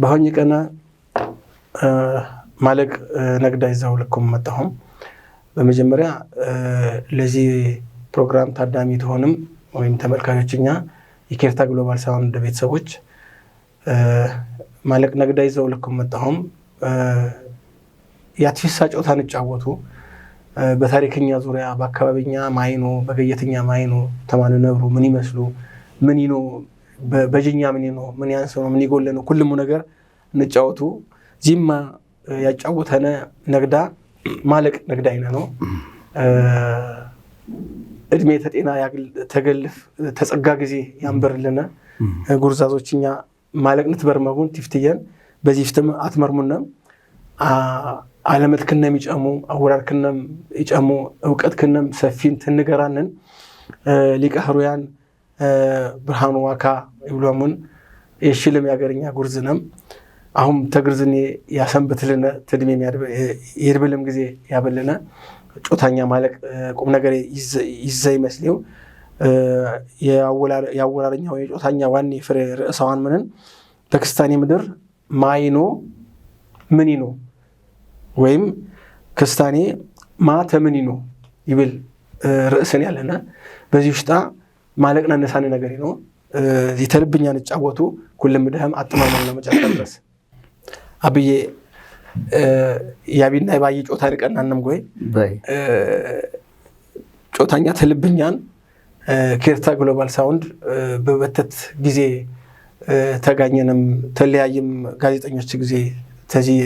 በአሁኝ ቀነ ማለቅ ነግዳ ይዛው ልኩም መጣሁም በመጀመሪያ ለዚህ ፕሮግራም ታዳሚ ትሆንም ወይም ተመልካቾች እኛ የኬርታ ግሎባል ሳውንድ ቤተሰቦች ማለቅ ነግዳ ይዘው ልኩም መጣሁም የአትፊሳ ጨዋታን ጫወቱ በታሪክኛ ዙሪያ በአካባቢኛ ማይኖ በገየትኛ ማይኖ ተማን ነብሩ ምን ይመስሉ ምን ይኖ በጅኛ ምን ነው ምን ያንስ ነው ምን ይጎል ነው ሁሉም ነገር እንጫወቱ ዚማ ያጫውተነ ነግዳ ማለቅ ነግዳ አይነ ነው እድሜ ተጤና ተገልፍ ተጸጋ ጊዜ ያንበርልነ ጉርዛዞች እኛ ማለቅ ንትበርመጉን ቲፍትየን በዚህ ፍትም አትመርሙነም አለመት ክነም ይጨሙ አወራር ክነም ይጨሙ እውቀት ክነም ሰፊን ትንገራንን ሊቀህሩያን ብርሃኑ ዋካ ይብሎምን የሽልም ያገርኛ ጉርዝንም አሁን ተግርዝን ያሰንብትልነ ትድሜ የድብልም ጊዜ ያበልነ ጮታኛ ማለቅ ቁም ነገር ይዘ ይመስሌው የአወራረኛ ወይ የጮታኛ ዋኔ ፍሬ ርእሰዋን ምንን በክስታኔ ምድር ማይኖ ምን ምኒኖ ወይም ክስታኔ ማተምኒኖ ይብል ርእስን ያለና በዚህ ውሽጣ ማለቅና ነሳን ነገር ነው የተልብኛ ንጫወቱ ሁልም ድህም አጥማማን ለመጨረሻ ድረስ አብዬ የአቢና የባዬ ጮታ ርቀናንም ጎይ ጮታኛ ተልብኛን ኬርታ ግሎባል ሳውንድ በበተት ጊዜ ተጋኘንም ተለያይም ጋዜጠኞች ጊዜ ተዚህ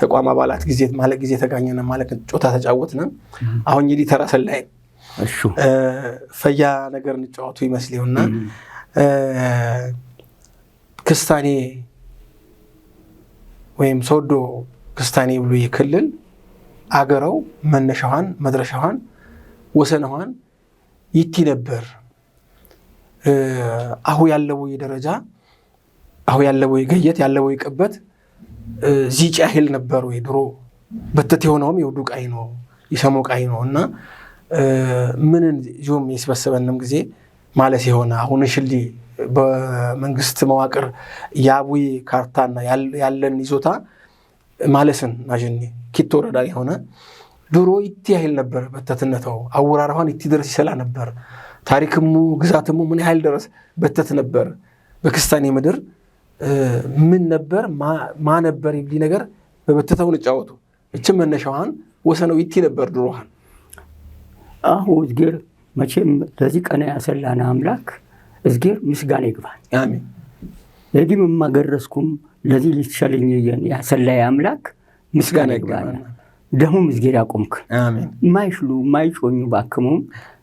ተቋም አባላት ጊዜ ማለቅ ጊዜ ተጋኘንም ማለት ጮታ ተጫወትንም አሁን የዲ ፈያ ነገር እንጫወቱ ይመስለውና ክስታኔ ወይም ሶዶ ክስታኔ ብሎ የክልል አገረው መነሻዋን መድረሻዋን ወሰነዋን ይቲ ነበር አሁ ያለው ደረጃ አሁ ያለው ገየት ያለው ቅበት ዚጭ ያህል ነበር ወይ ድሮ በተት የሆነውም የውዱ ቃይ ነው የሰሞ ቃይ ነው እና ምን ዞም የስበሰበንም ጊዜ ማለት የሆነ አሁን ሽሊ በመንግስት መዋቅር የአቡይ ካርታና ያለን ይዞታ ማለስን ናሽኒ ኪት ወረዳ የሆነ ድሮ ይቲ ያህል ነበር በተትነተው አወራራኋን ይት ድረስ ይሰላ ነበር ታሪክሙ ግዛትሙ ምን ያህል ድረስ በተት ነበር በክስታኔ ምድር ምን ነበር ማ ነበር ይብሊ ነገር በበተተውን እጫወቱ እችም መነሻዋን ወሰነው ይቲ ነበር ድሮሃን አሁ እዝጌር መቼም ለዚህ ቀና ያሰላነ አምላክ እዝጌር ምስጋና ይግባል። ለዚህ የማገረስኩም ለዚህ ሊሻለኝ ያሰላይ አምላክ ምስጋና ይግባል። ደሞም እዝጌር ያቆምክ የማይሽሉ የማይጮኙ ባክሙም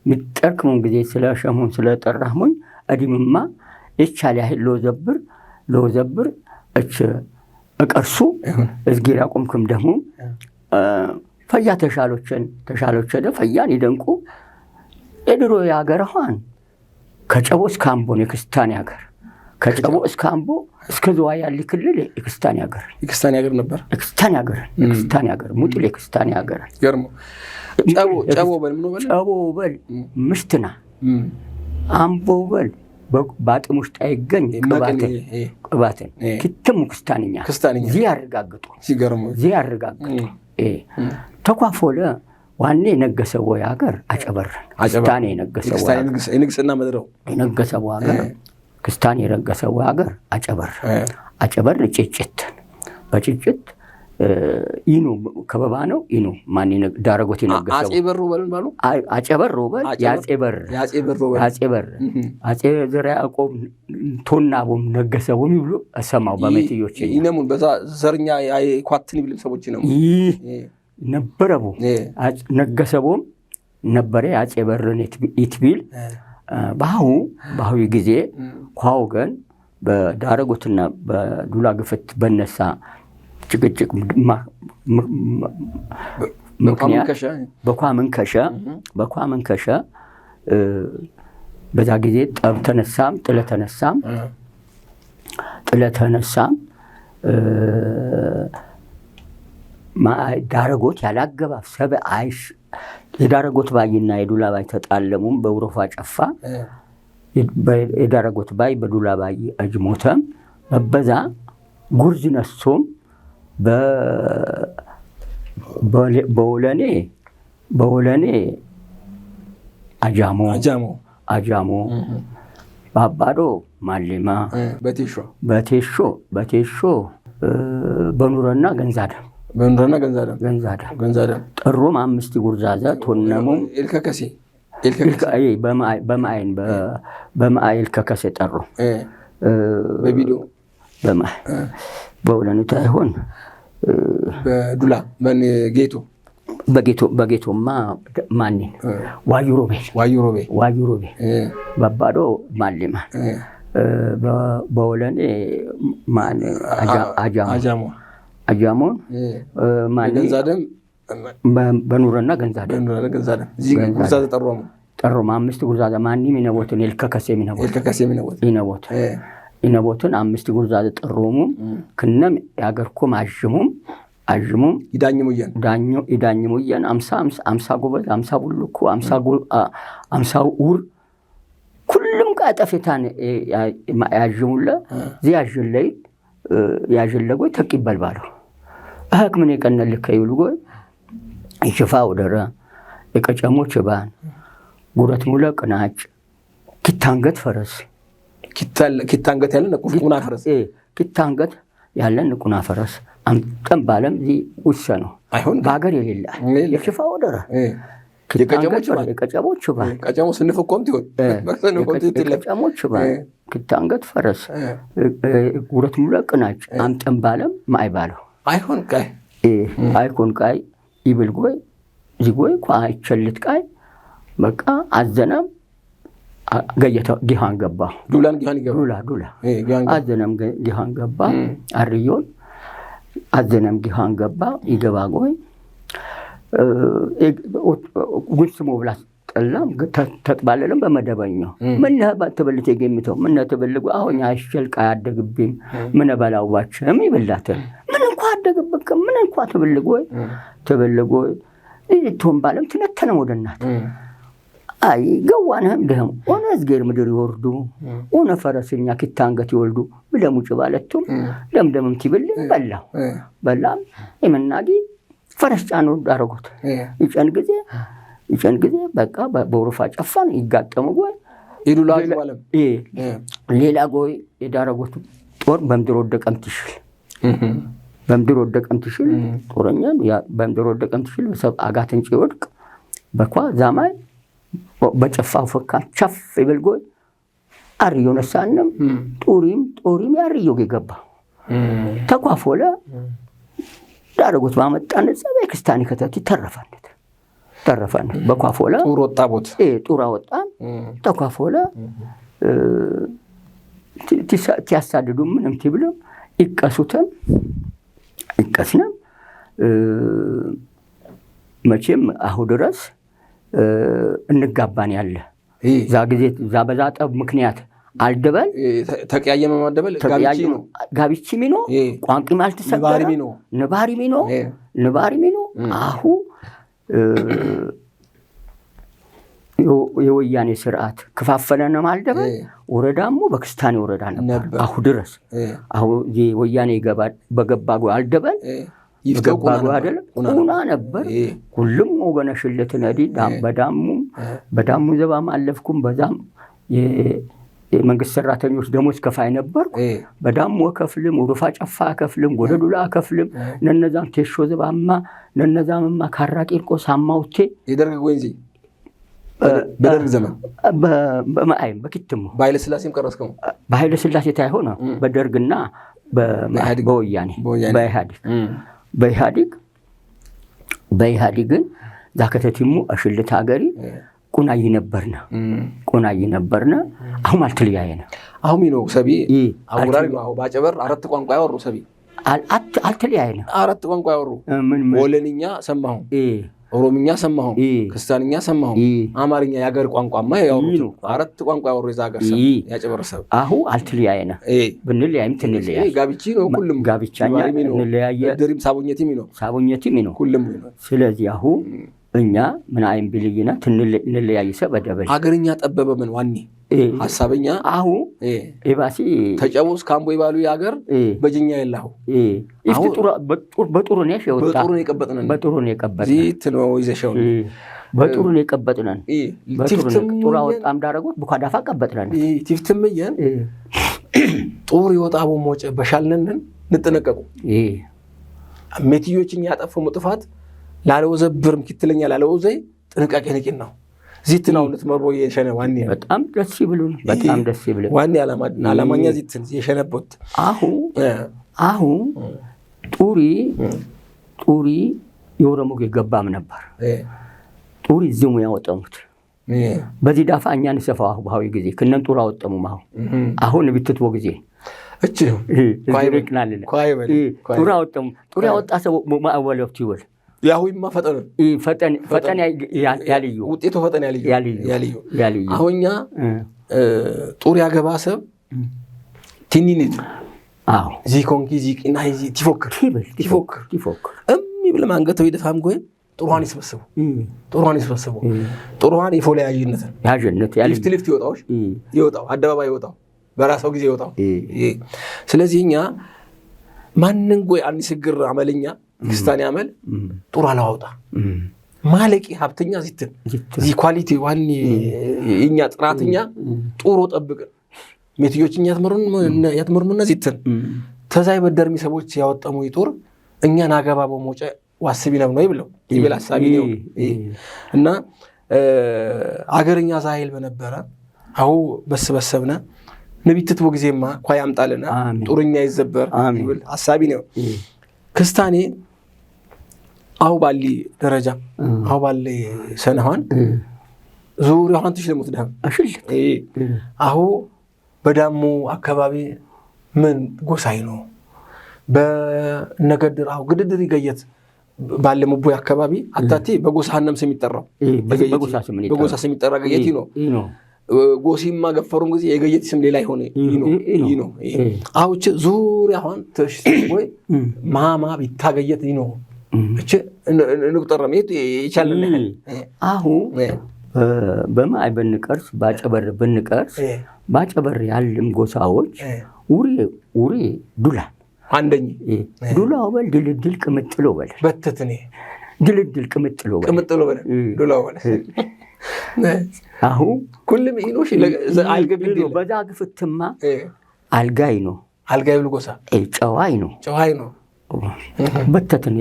ሚጠርክሙም ጊዜ ስለሸሙን ስለጠራሙኝ አዲምማ ይቻል ያህል ለወዘብር ለወዘብር እች እቀርሱ እዝጌር ያቆምክም ደግሞ ፈያ ተሻሎችን ተሻሎችን ፈያን ይደንቁ የድሮ የሀገር ኋን ከጨቦ እስከ አምቦ ነው የክስታኔ ሀገር። ከጨቦ እስከ አምቦ እስከ ዝዋይ ያለ ክልል የክስታኔ ሀገር የክስታኔ ሀገር ነበር። የክስታኔ ሀገር የክስታኔ ሀገር ሙጥል የክስታኔ ሀገር ገርሞ ጨቦ ጨቦ በል ምን በል ጨቦ በል ምሽትና አምቦ በል በአጥም ውስጥ አይገኝ ቅባትን ክትሙ ክስታንኛ ዚህ ያረጋግጡ ዚህ ያረጋግጡ ተኳፎለ ዋኔ የነገሰ ወይ ሀገር አጨበር ክስታን የነገሰ ሀገር ክስታን የነገሰ ወይ ሀገር አጨበር አጨበር ጭጭት በጭጭት ኢኑ ከበባ ነው። ኢኑ ማን ዳረጎት የነገሰው አጼ በር በልን ባሉ አጨበር በል የአጼ በር አጼ ዘርዓ ያዕቆብ ቶናቦም ነገሰቦም ይብሉ ሰማው በመትዮች ይነሙን በዛ ዘርኛ ኳትን ይብልም ሰዎች ነው ነበረቦ ነገሰቦም ነበረ አጼ በርን ኢትቢል ባሁ ባሁ ጊዜ ኳው ገን በዳረጎትና በዱላ ግፍት በነሳ ጭቅጭቅ መንከሸ በኳ መንከሸ በዛ ጊዜ ጠብ ተነሳም ጥለ ተነሳም ጥለ ተነሳም ዳረጎት ያላገባብ ሰብ አይሽ የዳረጎት ባይና የዱላ ባይ ተጣለሙም በውረፋ ጨፋ የዳረጎት ባይ በዱላ ባይ አጅሞተም መበዛ ጉርዝ ነሶም በወለኔ በወለኔ አጃሞ አጃሞ በአባዶ ማሌማ በቴሾ በቴሾ በቴሾ በኑረና ገንዛደም በኑረና ገንዛደም ገንዛደም ገንዛደም ጥሩም አምስት ጉርዛዘ ቶነሙም ኤልከከሴ በመአይን በመአይ ኤልከከሴ ጠሩ በቪዲዮ በማይ በውለኑታ ይሆን በዱላ ጌቶ በጌቶማ ማኒ ዋዩሮቤ ዋዩሮቤ ዋዩሮቤ በባዶ ማሊማ በወለኔ ማን አጃሞ አጃሞን በኑረና ገንዛደን ጠሮም አምስት ጉርዛዛ ማንም ይነቦትን የልከከሴ ሚነቦት ይነቦት ኢነቦትን አምስት ጉርዛዘ ጠሮሙ ክነም ያገርኩም አዥሙም አዥሙም ይዳኝሙየን ይዳኝሙየን አምሳ አምሳ ጎበዝ አምሳ ቡልኩ አምሳ ውር ሁሉም ቃጠፌታን ያዥሙለ ዚ ያዥለይ ያዥለጎይ ተቅ ይበልባለሁ በሐቅምን የቀነልከ ይብልጎል ይሽፋ ውደረ የቀጨሞ ችባን ጉረት ሙለ ቅናጭ ኪታንገት ፈረስ ኪታንገት ያለ ቁና ፈረስ ኪታንገት ያለ ንቁና ፈረስ አምጠን ባለም ዚ ውሰ ነው በሀገር የሌላ የሽፋ ወደረ የቀጨሞ ችባን የቀጨሞ ችባን ኪታንገት ፈረስ ጉረት ሙለ ቅናጭ አምጠን ባለም ማይ ባለው አይሆን ቃይ አይኮን ቃይ ይብል ጎይ ዚጎይ ኳ አይቸልት ቃይ በቃ አዘነም ገየተ ጊሃን ገባ ዱላን ጊሃን ገባ ዱላ ዱላ አዘነም ጊሃን ገባ አርዮን አዘነም ጊሃን ገባ ይገባ ጎይ ጉስ ሞብላት ጠላም ተጥባለለም በመደበኛው ምነ ትበልት የገሚተው ምነ ትበልጉ አሁን አይሸልቃ አያደግብኝ ምነ በላዋችም ይብላትን ካደገበት ምን እንኳ ተበልጎይ ተበልጎይ ቶም ባለም ትነተነ ወደ እናት አይ ገዋንህም ደህም ሆነ እዝጌር ምድር ይወርዱ ሆነ ፈረስኛ ኪታንገት ይወልዱ ብለሙ ባለቱም ደምደምም ትብልም በላው በላም የመናጊ ፈረስ ጫኑ ዳረጎት ይጨን ጊዜ ይጨን ጊዜ በቃ በውርፋ ጨፋን ይጋጠሙ ጎይ ሌላ ጎይ የዳረጎቱ ጦር በምድር ወደቀም ትሽል በምድር ወደቀን ትሽል ጦረኛን በምድር ወደቀን ትሽል ሰብ አጋትን ጭወድቅ በኳ ዛማይ በጨፋ ፈካ ቻፍ ይበልጎ አርዮ ነሳንም ጡሪም ጦሪም ያርዮ ገባ ተኳፎለ ዳረጎት ባመጣን ጸባይ ክስታኒ ከተት ተረፋነት ተረፋነት በኳፎለ ጡር ወጣ ቦት ጡራ ወጣን ተኳፎለ ቲያሳድዱ ምንም ትብልም ይቀሱትን ይቀስነም መቼም አሁ ድረስ እንጋባን ያለ ዛ ጊዜ ዛ በዛ ጠብ ምክንያት አልደበል ተቀያየመ ማደበል ጋቢቺ ሚኖ ቋንቂ ማልትሰገረ ንባሪ ሚኖ ንባሪ ሚኖ አሁ የወያኔ ስርዓት ክፋፈለነ ማልደበል ወረዳሞ በክስታኔ ወረዳ ነበር። አሁ ድረስ አሁ ወያኔ በገባጉ አልደበል በገባጉ አደለ ቁና ነበር። ሁሉም ወገነ ሽልት ነዲ በዳሙ በዳሙ ዘባ ማለፍኩም በዛም የመንግስት ሰራተኞች ደሞዝ ከፋይ ነበርኩ። በዳሙ ከፍልም ወዶፋ ጨፋ ከፍልም ወደ ዱላ ከፍልም ነነዛም ቴሾ ዘባማ ነነዛምማ ካራቂርቆ ሳማውቴ አማውቴ የደርግ ጎንዜ በደርግ ዘመን በመአይም በኪትሙ በኃይለ ስላሴም ቀረስከው በኃይለ ስላሴ ታይሆነ በደርግና በወያኔ በኢህአዲግ በኢህአዲግ በኢህአዲግን ዛከተቲሙ እሽልት ሀገሪ ቁናይ ነበርነ ቁናይ ነበርነ አሁን ነ አሁን ነው ሰቢ አውራሪ ነው ባጨበር አራት ቋንቋ ያወሩ ሰቢ አልትልያየ ነ አረት ቋንቋ ያወሩ ወለንኛ ሰማሁ ኦሮምኛ ሰማሁም፣ ክርስቲያንኛ ሰማሁም፣ አማርኛ የሀገር ቋንቋማ ያወሩ አራት ቋንቋ ያወሩ የዛ ሀገር ሰብ ያጨበረሰብ አሁ አልትለያየነ ብንለያይም ትንለያይ ጋብቺ ነው ሁሉም ጋብቻኛ እንለያየ ድሪም ሳቦኘቲም ነው ሳቦኘቲም ነው ሁሉም ስለዚህ አሁ እኛ ምን አይም ብልይና ትንለያይሰ በደበ ሀገርኛ ጠበበ ምን ዋኔ ሀሳበኛ አሁ ኤባሲ ካምቦ ይባሉ የሀገር በጅኛ የላሁ በጥሩን የወጣ በጥሩን የቀበጥነን በጥሩን የቀበጥነን ቀበጥነን ቲፍትምየን ይወጣ ቦሞጨ በሻልነንን ንጠነቀቁ ሜትዮችን ያጠፈሙ ጥፋት ላለወዘብርም ክትለኛ ላለወዘይ ጥንቃቄ ንቂን ነው ዚት ነው ልትመርቦ የሸነ ዋን በጣም ደስ ይብሉ በጣም ደስ ይብሉን። ዋን አላማኛ ዚትን የሸነቦት አሁ አሁ ጡሪ ጡሪ የኦሮሞ ገባም ነበር ጡሪ እዚሙ ያወጠሙት በዚህ ዳፋ እኛን አሁ ባህዊ ጊዜ ክነን ጡር አወጠሙ ማሁ አሁን ብትትቦ ጊዜ ጡር አወጠሙ ጡሪ አወጣ ሰው ማእወለፍት ይወል ያሁማ ፈጠን ያልዩ ውጤቱ ፈጠን ያልዩ አሁኛ ጡር ያገባ ሰብ ዚ ኮንኪ ዚ ዚ ቲፎክር ቲፎክር እሚ ብለ ጎይ ይስበስቡ ይስበስቡ ሊፍት ሊፍት ይወጣዎች ይወጣው አደባባይ ይወጣው በራሰው ጊዜ ይወጣው ስለዚህ እኛ ማንን ጎይ አንስግር አመልኛ ክስታን ያመል ጡር አላወጣ ማለቂ ሀብተኛ ዚትን ዚ ኳሊቲ ዋኒ እኛ ጥራትኛ ጡሮ ጠብቅን ሜትዮች እኛ ያትመርሙና ዚትን ተዛይ በደርሚ ሰቦች ያወጠሙ ጦር እኛን አገባ በመውጫ ዋስቢ ነብ ነው ይብለው ይብል ሀሳቢ ነው እና አገርኛ ዛይል በነበረ አሁ በስበሰብነ ንቢትትቦ ጊዜማ ኳይ አምጣልና ጡርኛ ይዘበር ይብል ሀሳቢ ነው ክስታኔ አሁ ባሊ ደረጃ አሁ ባሊ ሰነኋን ዙሪያኋን ትሽለሙት ዳም ደም አሁ በዳሙ አካባቢ ምን ጎሳይ ነው በነገድር አሁ ግድድር ይገየት ባለ ሙቦ አካባቢ አታቲ በጎሳ ሀነም ስም ይጠራው በጎሳ ስም ይጠራ ገየት ነው ጎሲማ ገፈሩም ጊዜ የገየት ስም ሌላ ይሆነ ነው አሁች ሆን ትሽ ወይ ማማ ቢታገየት ይኖ ንቁጠር የቻለን አሁን በማይ ብንቀርስ ባጨበር ብንቀርስ ባጨበር ያለም ጎሳዎች ውሬ ውሬ ዱላ አንደኝ ዱላ ወበል ድልድል ቅምጥሎ በል በትትኔ ድልድል ቅምጥሎ ቅምጥሎ በል ዱላ ወበል አሁን ኩልም ኢኖሽ በዛ ግፍትማ አልጋይ ነው አልጋይ ብልጎሳ ጨዋይ ነው ጨዋይ ነው በተትን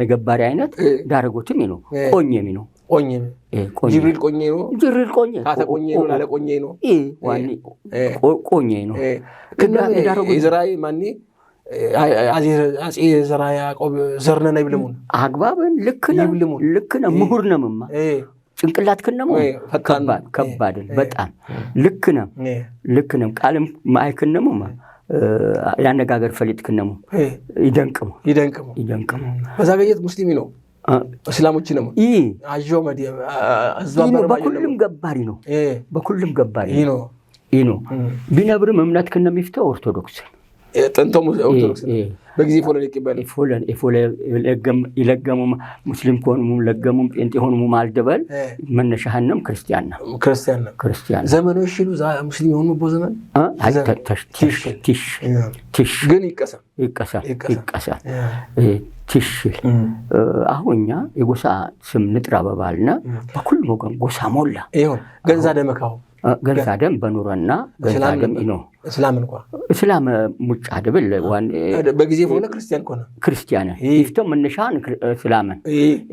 መገባሪ አይነት ዳረጎትም ነው ቆኘም ነው ጅሪል ቆኘ ነው ጅሪል ቆኘ ቆኘ ነው ላለ ቆኘ ነው ቆኘ ነው የዘራይ ማኔ አጼ ዘራ ያዕቆብ ዘርነና ይብልሙን አግባብን ልክ ነው ልክ ነው ምሁር ነምማ ጭንቅላት ክነሞ ከባድን በጣም ልክ ነው ልክ ነው ቃልም ማይክነሙማ የአነጋገር ፈሊጥ ክነሙ ይደንቅሙ ይደንቅሙ ይደንቅሙ በዛገየት ሙስሊሚ ነው እስላሞች ነው በኩልም ገባሪ ነው በኩልም ገባሪ ነው ነው ቢነብርም እምነት ክነሚፍተው ኦርቶዶክስ ጥንቶም በጊዜ ፎለን ሙስሊም ከሆኑ ለገሙ ጴንጤ ሆኑ ማልደበል መነሻህንም ክርስቲያን ነው ክርስቲያን ሙስሊም የሆኑ ቦ ዘመን ግን ይቀሳል ይቀሳል ትሽል አሁን እኛ የጎሳ ስም ንጥራ በባልና በኩል ወገን ጎሳ ሞላ ገንዛ ደመካው ገንሳ ደም በኑረና ገንሳ ደም ነው እስላም እንኳ እስላም ሙጫ ድብል በጊዜ ሆነ ክርስቲያን ኮነ ክርስቲያን ይፍቶ መነሻን እስላምን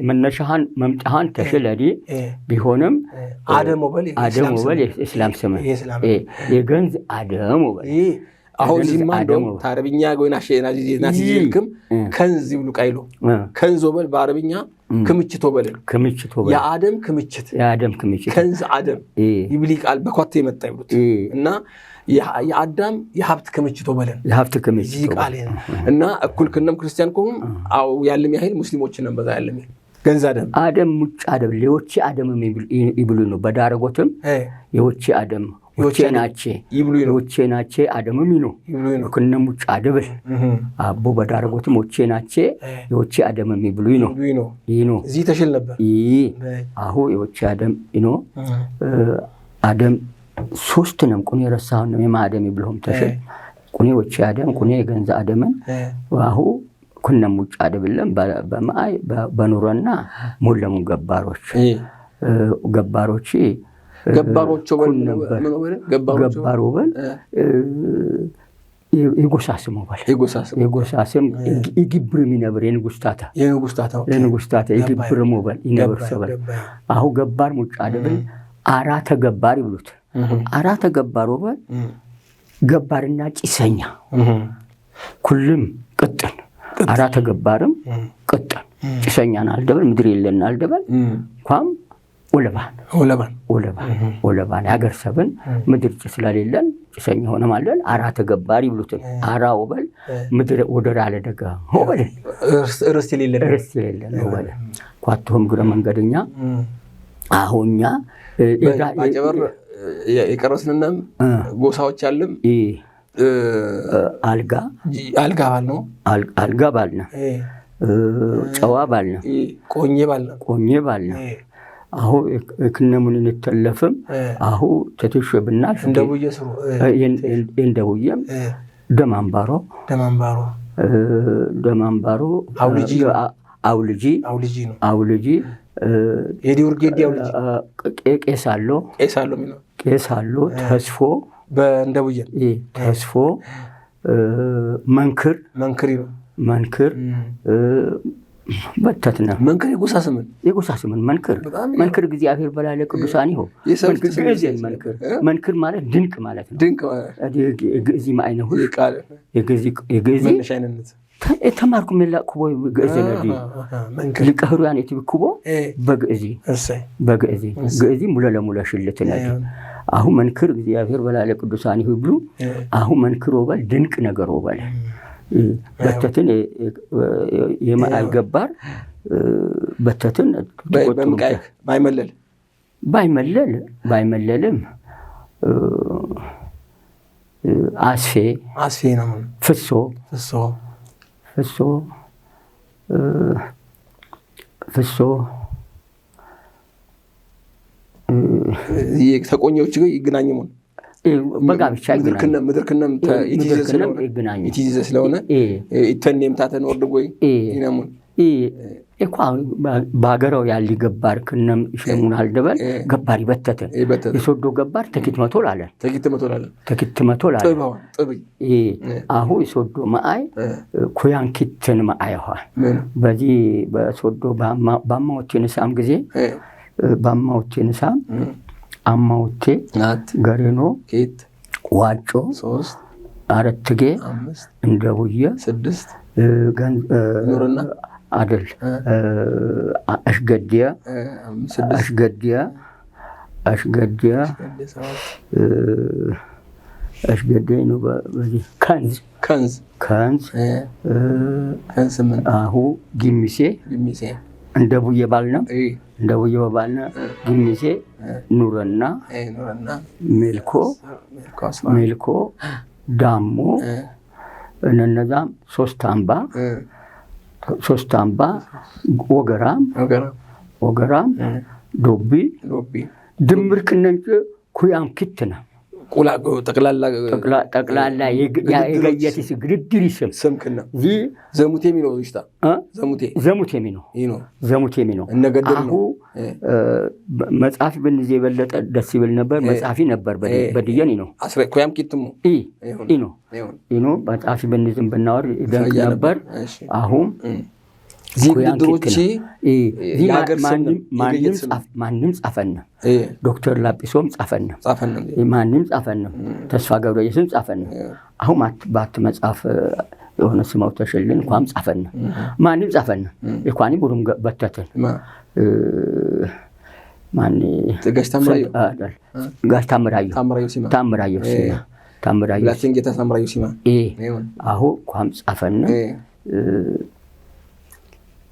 መነሻን መምጣሃን ተሽለዲ ቢሆንም አደም ወበል አደም ወበል እስላም ስም የገንዝ አደም ወበል አሁን ዚማ እንደውም ታረብኛ ወይና ዜና ይልክም ከንዝ ይብሉ ይሉ ከንዝ ወበል በአረብኛ ክምችቶ በደል ክምችቶ በደል የአደም ክምችት የአደም ክምችት ከንዝ አደም ይብሊ ቃል በኳቴ የመጣ ይብሉት እና የአዳም የሀብት ክምችቶ በለን የሀብት ክምችቶ ቃል እና እኩል ክነም ክርስቲያን ከሆኑ አው ያለም ያህል ሙስሊሞችንም በዛ ያለም ያህል ገንዝ አደም አደም ሙጭ አደም ሌዎች አደም ይብሉ ነው በዳረጎትም የዎች አደም ዮቼናቼ ዮቼናቼ አደመሚኑ ዮክነ ሙጫ ድብል አቦ በዳረጎትም ዮቼናቼ ዮቼ አደመሚ ብሉይ ነው ይኖ እዚህ ተሽል ነበር ይህ አሁ ዮቼ አደም ይኖ አደም ሶስት ነም ቁኔ ረሳሁን ነው የማደም ይብለሁም ተሽል ቁኔ ዮቼ አደም ቁኔ የገንዘ አደምን አሁ ክነም ውጭ ድብለም በማይ በኑረና ሞለሙ ገባሮች ገባሮች ገባሮ በል የጎሳ ስሙ ባል የጎሳ ስም ይግብር የሚነብር የንጉስ ታታ የንጉስ ታታ ይግብር ሞበል ይነብር ሰበል አሁ ገባር ሙጫ ደብል አራተ ገባር ይብሉት አራ ገባር ወበል ገባርና ጭሰኛ ኩልም ቅጥን አራ ተገባርም ቅጥን ጭሰኛን አልደበል ምድር የለን አልደበል ኳም ኦለባን ኦለባን ኦለባን ኦለባን የሀገር ሰብን ምድር ጭስ ስለሌለን ጭሰኝ ሆነ ማለን አራ ተገባሪ ብሉትን አራ ወበል ምድር ወደር አለ ደጋ ወበልን ርስት የሌለን ወበልን ኳትሆም ግረ መንገደኛ አሁኛ ጨበር የቀረስንነም ጎሳዎች አለም አልጋ አልጋ ባል ነው አልጋ ባል ነው ጨዋ ባል ነው ቆኜ ባል ነው ቆኜ ባል ነው አሁ ክነሙን እንተለፍም አሁ ተትሾ ብናሽ እንደውየም ደማንባሮ ደማንባሮ ደማንባሮ አውልጂ አውልጂ አውልጂ አውልጂ አውልጂ ቄስ አሎ ቄስ አሎ ተስፎ እንደውየም ተስፎ መንክር መንክር መንክር በተት ነው መንክር የጎሳ ስምን የጎሳ ስምን መንክር መንክር እግዚአብሔር በላለ ቅዱሳን ይሆ መንክር ማለት ድንቅ ማለት ነው። ግእዚ ማይነ ሁ የግእዚ ተማርኩ ሜላ ኩቦ ግእዚ ነዲ ሊቀ የትብ ክቦ በግእዚ በግእዚ ግእዚ ሙለ ለሙለ ሽልት ነዲ አሁ መንክር እግዚአብሔር በላለ ቅዱሳን ይሁ ብሉ አሁ መንክር ወበል ድንቅ ነገር ወበል በተትን የመዓል በተትን ባይመለል ባይመለል ባይመለልም አስፌ አስፌ ነው ፍሶ ፍሶ ፍሶ ፍሶ ተቆኚዎች ይገናኝሙን በጋ ብቻ ይገናኛል ስለሆነ ተኔም ታተን ወርድ ጎይ ይነሙን እኮ አሁን በሀገራው ገባር ክነም ሽሙን አልደበል ገባር ይበተትን የሶዶ ገባር ተኪት መቶ ላለን ተኪት መቶ ላለን አሁ የሶዶ መአይ ኩያንኪትን መአይ ኋ በዚህ በሶዶ ባማዎችን ሳም ጊዜ ባማዎችን ሳም አማውቴ ገሬኖ ዋጮ አረትጌ እንደውየ አደል አሽገዲያ አሽገዲያ አሽገዲያ አሽገዲያ ነው በዚህ ከንዝ ከንዝ ከንዝ ከንዝ ምን አሁ ጊሚሴ ጊሚሴ እንደ ቡዬ ባልነ እንደ ቡዬ ባልነ ግሚሴ ኑረና ሜልኮ ሜልኮ ዳሞ እነዛም ሶስት አምባ ሶስት አምባ ወገራም ወገራም ዶቢ ድምር ቅነንጭ ኩያም ክትና ጠቅላላ የገየት ግድድር ይስም ስምክና ዘሙት የሚ ነው ዘሙት የሚ ነው ዘሙት የሚ ነው መጽሐፊ ብንዜ የበለጠ ደስ ይብል ነበር። መጽሐፊ ነበር በድየን ነው ኮያም ኪትሙ ነው ነው መጽሐፊ ብንዝም ብናወር ደንቅ ነበር አሁን ማንም ጻፈንም፣ ዶክተር ላጲሶም ጻፈንም፣ ማንም ጻፈንም፣ ተስፋ ገብረየስም ጻፈንም። አሁን ባት መጽሐፍ የሆነ ስማው ተሸልን እንኳም ጻፈንም፣ ማንም ጻፈንም። የኳኒ ቡሩም በተትን ጋሽ ታምራዩ ታምራዩ ሲማ ታምራዩ ሲማ አሁ ኳም ጻፈንም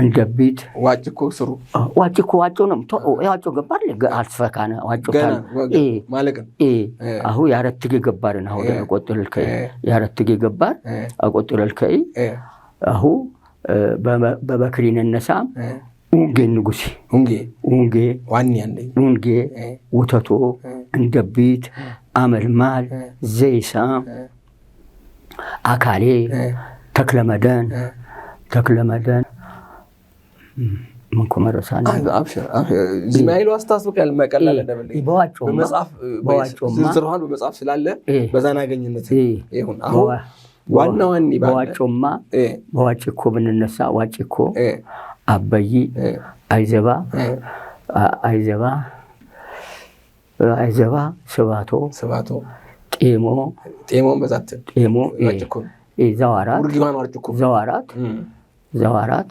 እንደቢት ዋጭ እኮ ስሩ ዋጭ ዋጮ ነው ዋጮ ገባር አልስፈካነ ዋጮ አሁ የአረትጌ ገባርን አሁ ቆጥልከ የአረትጌ ገባር አቆጥለልከይ አሁ በበክሪ ነነሳም ኡንጌ ንጉሴ ኡንጌ ኡንጌ ወተቶ እንደቢት አመልማል ዘይሳ አካሌ ተክለመደን ተክለመደን መንኮመረሳ ዚማይሉ አስተሳስብ ያል መቀላለ በዋጮማዝርሃን በመጽሐፍ ስላለ በዛን አገኝነት ይሁን አሁን ዋና ዋኒ በዋጮማ በዋጭኮ ብንነሳ ዋጭኮ አበይ አይዘባ አይዘባ አይዘባ ስባቶ ስባቶ ጤሞ ጤሞ በዛት ጤሞ ዘዋራት ዘዋራት ዘዋራት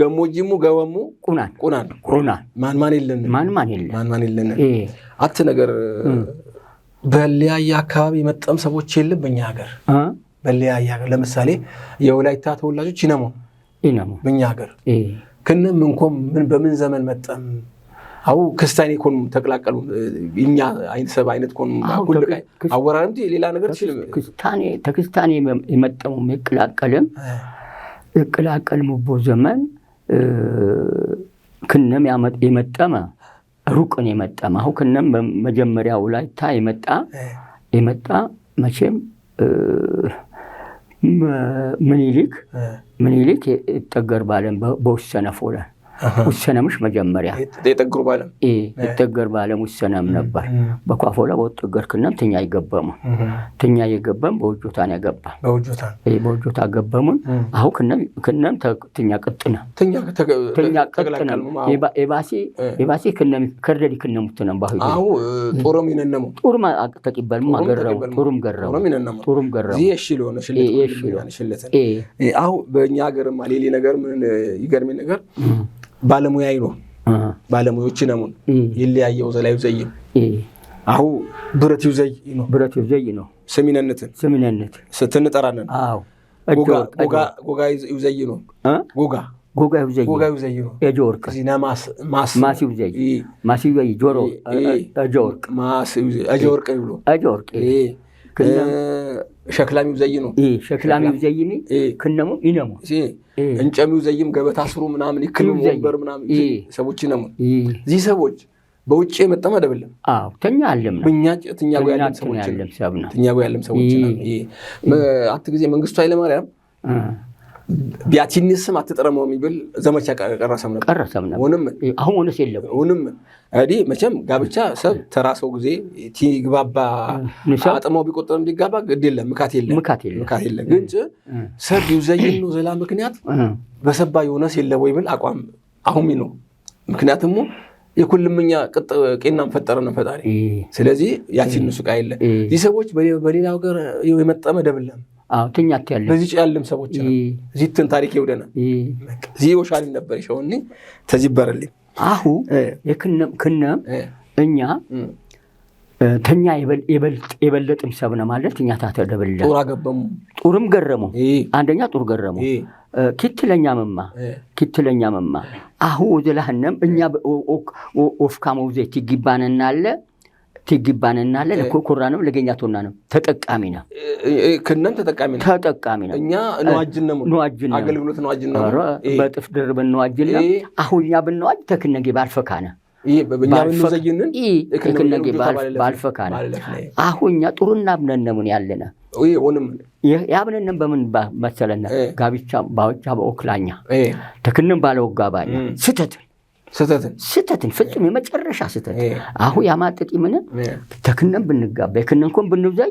ገሞጂሙ ገበሙ ቁናን ቁናን ቁናን ማንማን የለን ማንማን የለን ማንማን የለን አት ነገር በለያየ አካባቢ የመጠም ሰዎች የለም። በእኛ ሀገር በለያየ ሀገር ለምሳሌ የወላይታ ተወላጆች ይነሞ ይነሞ በእኛ ሀገር ክንም እንኮም ምን በምን ዘመን መጠም አው ክስታኔ ኮን ተቀላቀሉ እኛ አይነት ሰብ አይነት ኮን አወራረምቲ ሌላ ነገር ችልም ክስታኔ ተክስታኔ የመጠሙ የቅላቀልም እቅላቀል ሙቦ ዘመን ክነም የመጠመ ሩቅን የመጠመ አሁ ክነም መጀመሪያው ላይ ታ የመጣ የመጣ መቼም ምኒልክ ምኒልክ ጠገር ባለን በውሰነ ፎለን ውሰነምሽ መጀመሪያ የጠግሩ ባለም የጠገር ባለም ውሰነም ነበር በኳፎ በኳፎላ በወጠገር ክነም ትኛ ይገበሙ ትኛ ይገበም በውጆታን ያገባ በውጆታ ገበሙን አሁ ክነም ትኛ ቅጥነ ትኛ ቅጥነ ባሴ ክነም ከርደድ ክነሙት ውትነም ባሁ አሁ ጦሮም ይነነሙ ጦሩም ተቂበልሙ አገረሙ ጦሩም ገረሙ ጦሩም ገረሙ የሺ አሁ በእኛ ሀገርማ ሌሌ ነገር ምን ይገርሜ ነገር ባለሙያ ይኖ ባለሙያዎች ነሙን ይለያየው ዘላዩ ዘይ አሁ ብረት ይዘይ ነው ብረት ይዘይ ነው ሰሚነነትን ሰሚነነት ስትንጠራነን አዎ ጎጋ ይዘይ ነው ጎጋ ጎጋ ይዘይ ጎጋ ይዘይ ነው ወርቅ ዚና ማስ ማስ ማስ ይዘይ ማስ ይዘይ ጆሮ ወርቅ ማስ ይዘይ ወርቅ ይብሎ ወርቅ ሸክላ ሸክላሚው ዘይኑ ሸክላሚው ዘይኒ ክነሙ ይነሙ እንጨሚው ዘይም ገበታ ስሩ ምናምን ይክልም ወንበር ምናምን ሰዎች ይነሙ እዚህ ሰዎች በውጭ የመጣም አደብለም ተኛ አለም ነው እኛ ያለም ሰዎች ተኛ ያለም ሰዎች አት ጊዜ መንግስቱ ኃይለማርያም ቢያቲኒ ስም አትጠረሙ የሚብል ዘመቻ ቀረሰም ነበር። አሁን እውነት የለም። አሁንም እንግዲህ መቼም ጋብቻ ሰብ ተራሰው ጊዜ ግባባ አጥመው ቢቆጠር እንዲጋባ ግድ የለም ምካት የለም ምካት የለም። ግን ሰብ ይብዘይን ነው ዘላ ምክንያት በሰባ የሆነስ የለ ወይ ብል አቋም አሁን ነው። ምክንያቱም የኩልምኛ ቄናም ፈጠረ ነው ፈጣሪ። ስለዚህ ያቺን ንሱ የለ ይህ ሰዎች በሌላ ወገር የመጠመ ደብለም ትኛት ያለ በዚህ ያለም ሰዎች ዚትን ታሪክ ይውደና ዚ ወሻሊ ነበር ሸውኒ ተዚበረል አሁ የክነም ክነም እኛ ተኛ የበለጥም ሰብነ ማለት እኛ ታተ ደብለ ጡር አገበሙ ጡርም ገረሙ አንደኛ ጡር ገረሙ ኪትለኛ መማ ኪትለኛ መማ አሁ ወዘላህነም እኛ ወፍካ መውዘት ይግባንና አለ ትግባንናለን እኮ ኩራ ነው ለገኛ ቶና ነው ተጠቃሚ ነው ከነን ተጠቃሚ ነው ተጠቃሚ ነው እኛ ነዋጅን ነው ነዋጅን ነው አገልግሎት ነዋጅን ነው በጥፍ ድር ብንዋጅን ነው አሁን እኛ ብንዋጅ ተክነጌ ባልፈካ ነው ክነጌ ባልፈካ ነው አሁን እኛ ጥሩና ብነነሙን ያለነ ያብነንም በምን መሰለነ ጋብቻ ባዎቻ በኦክላኛ ተክንም ባለወጋባኛ ስተትን ስህተትን ፍጹም የመጨረሻ ስህተት አሁ ያማጠጢ ምን ተክነን ብንጋባ የክነንኮን ብንብዛይ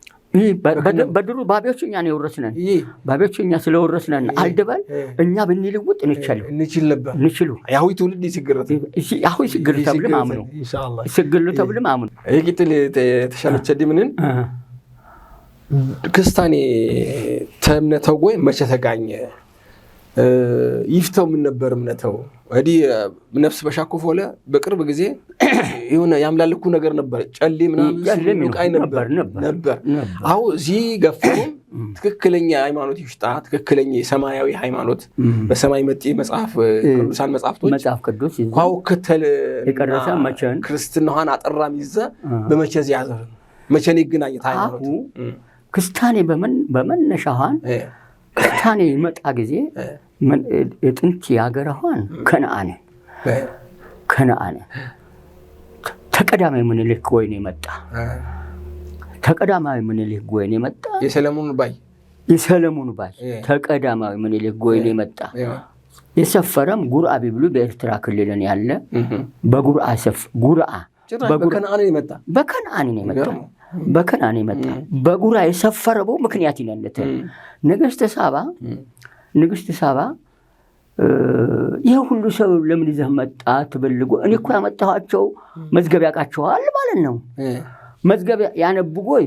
በድሩ ባቢዎቹ ነው የወረስነን ባቢዎቹ እኛ ስለወረስነን አልድበል እኛ ብንልውጥ እንችል እንችል ነበር እንችሉ ያሁ ትውልድ ይስግርት ያሁ ይስግር ተብል ማምኑ ይስግር ተብል ማምኑ ይቅጥል ተሻለች ድምንን ክስታኔ ተምነተጎይ መቼ ተጋኘ ይፍተው ምን ነበር እምነተው ዲ ነፍስ በሻኮፍ ሆለ በቅርብ ጊዜ የሆነ ያምላልኩ ነገር ነበር ጨሌ ምናምን ነበር አሁ እዚህ ገፋውም ትክክለኛ ሃይማኖት ይሽጣ ትክክለኛ የሰማያዊ ሃይማኖት በሰማይ መጤ መጽሐፍ ቅዱሳን መጽሐፍቶች መጽሐፍ ቅዱስ ኳው ከተል ክርስትናኋን አጠራም ይዘ በመቼ ዚያዘር መቼን ይገናኘት ሃይማኖት ክስታኔ በመነሻሃን ክርስታኔ ይመጣ ጊዜ የጥንት የሀገርኋን ከነአነ ከነአነ ተቀዳማዊ ምኒልክ ወይን የመጣ ተቀዳማዊ ምኒልክ ወይን የመጣ የሰለሞኑ ባይ የሰለሞኑ ባይ ተቀዳማዊ ምኒልክ ወይን የመጣ የሰፈረም ጉርአ ቢብሉ በኤርትራ ክልልን ያለ በጉርአ ሰፍ በከነአን የመጣ በከነአን የመጣ በከናን የመጣ በጉራ የሰፈረበው ምክንያት ይነለት ንግስት ሳባ ንግስት ሳባ ይህ ሁሉ ሰው ለምን ይዘህ መጣ ትብልጎ እኔ እኮ ያመጣኋቸው መዝገብ ያውቃቸዋል ማለት ነው። መዝገብ ያነብጎይ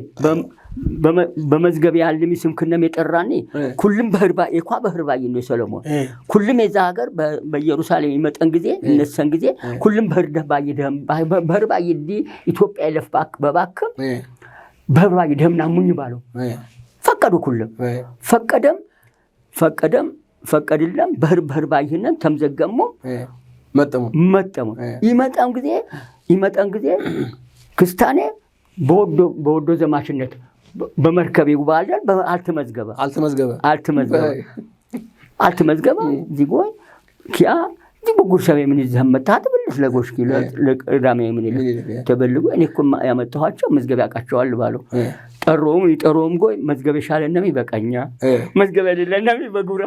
በመዝገብ ያለ ስም ክነም የጠራኔ ኩልም በህርባ የኳ በህርባ ይነ ሰለሞን ኩልም የዛ ሀገር በኢየሩሳሌም ይመጠን ጊዜ እነሰን ጊዜ ኩልም በህርባ ይደም በህርባ ይዲ ኢትዮጵያ ይለፍ በባክም በህብራዊ ደምና ሙኝ ባለው ፈቀዱ ኩልም ፈቀደም ፈቀደም ፈቀድለም በህር በህር ባይህነን ተምዘገሞ መጠሙ መጠሙ ይመጣም ጊዜ ይመጣም ጊዜ ክስታኔ በወዶ በወዶ ዘማሽነት በመርከብ ይጉባለን አልተመዝገበ አልተመዝገበ አልተመዝገበ አልተመዝገበ ዚጎይ ኪያ ብጉርሰብ የምንዝህም መታሃት ብልስ ለጎሽኪ ለቅዳሜ የምንል ተበልጎ እኔ እኮ ያመጣኋቸው መዝገብ ያውቃቸዋል ባለው ጠሮም ይጠሮም ጎይ መዝገብ የሻለ ነሚ በቀኛ መዝገብ ያደለ ነሚ በጉራ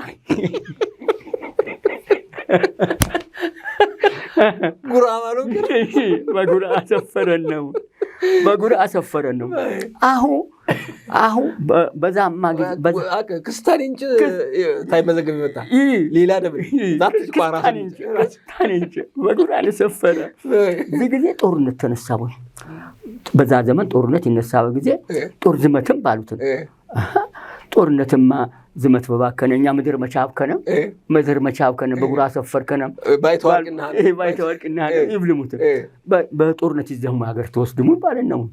ጉራ ባሉ በጉራ አሰፈረን ነው በጉር አሰፈረን ነው አሁ አሁ በዛ ክስታን እንጭ ታይመዘገብ ይመጣል ሌላ ደብክስታን እንጭ በጉራ እዚህ ጊዜ ጦርነት ተነሳ ወይ በዛ ዘመን ጦርነት ይነሳ ጊዜ ጦር ዝመትም ባሉትን ጦርነትማ ዝመት በባከነ እኛ ምድር መቻብከነ መዝር መቻብከነ በጉራ ሰፈርከነ ባይተወርቅና ይብልሙት በጦርነት ይዘሙ ሀገር ተወስድሙ ባለነሙን